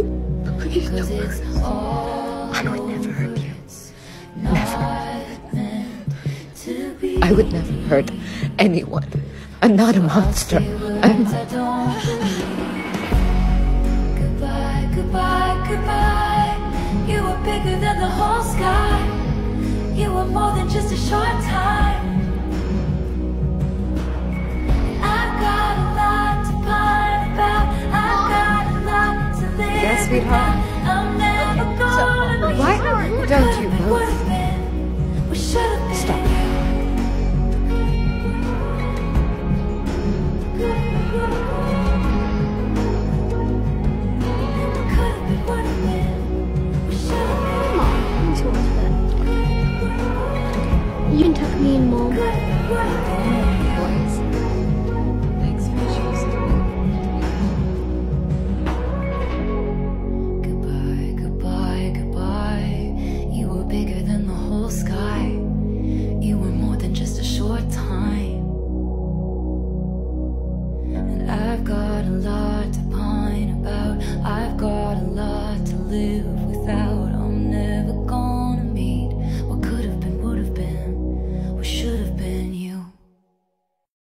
Please don't hurt I would never hurt you. Never. I would never hurt anyone. I'm not a monster. I'm Goodbye, goodbye, goodbye. sweetheart. So, why don't you both stop? Come on, You can tuck me in, Mom. Boys. bigger than the whole sky. You were more than just a short time. And I've got a lot.